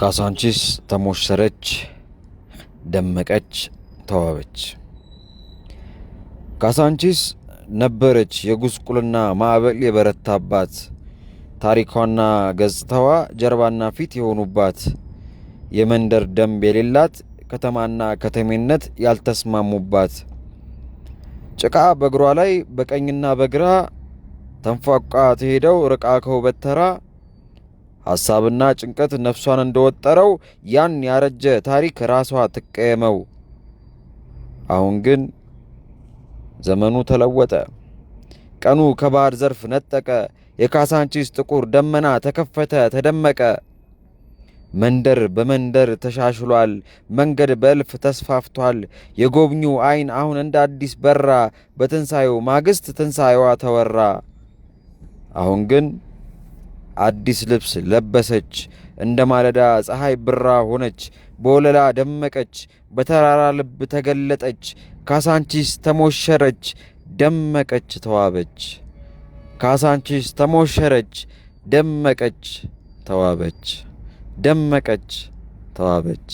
ካሳንቺስ ተሞሸረች፣ ደመቀች፣ ተዋበች። ካዛንቺስ ነበረች የጉስቁልና ማዕበል የበረታባት ታሪኳና ገጽታዋ ጀርባና ፊት የሆኑባት የመንደር ደንብ የሌላት ከተማና ከተሜነት ያልተስማሙባት ጭቃ በእግሯ ላይ በቀኝና በግራ ተንፏቋ ትሄደው ርቃ ከውበት ተራ ሐሳብና ጭንቀት ነፍሷን እንደወጠረው ያን ያረጀ ታሪክ ራሷ ትቀየመው። አሁን ግን ዘመኑ ተለወጠ። ቀኑ ከባህር ዘርፍ ነጠቀ። የካሳንቺስ ጥቁር ደመና ተከፈተ፣ ተደመቀ። መንደር በመንደር ተሻሽሏል። መንገድ በእልፍ ተስፋፍቷል። የጎብኚው ዓይን አሁን እንደ አዲስ በራ። በትንሣኤው ማግስት ትንሣኤዋ ተወራ። አሁን ግን አዲስ ልብስ ለበሰች። እንደ ማለዳ ፀሐይ ብራ ሆነች፣ በወለላ ደመቀች፣ በተራራ ልብ ተገለጠች። ካሳንቺስ ተሞሸረች፣ ደመቀች፣ ተዋበች። ካሳንቺስ ተሞሸረች፣ ደመቀች፣ ተዋበች፣ ደመቀች፣ ተዋበች።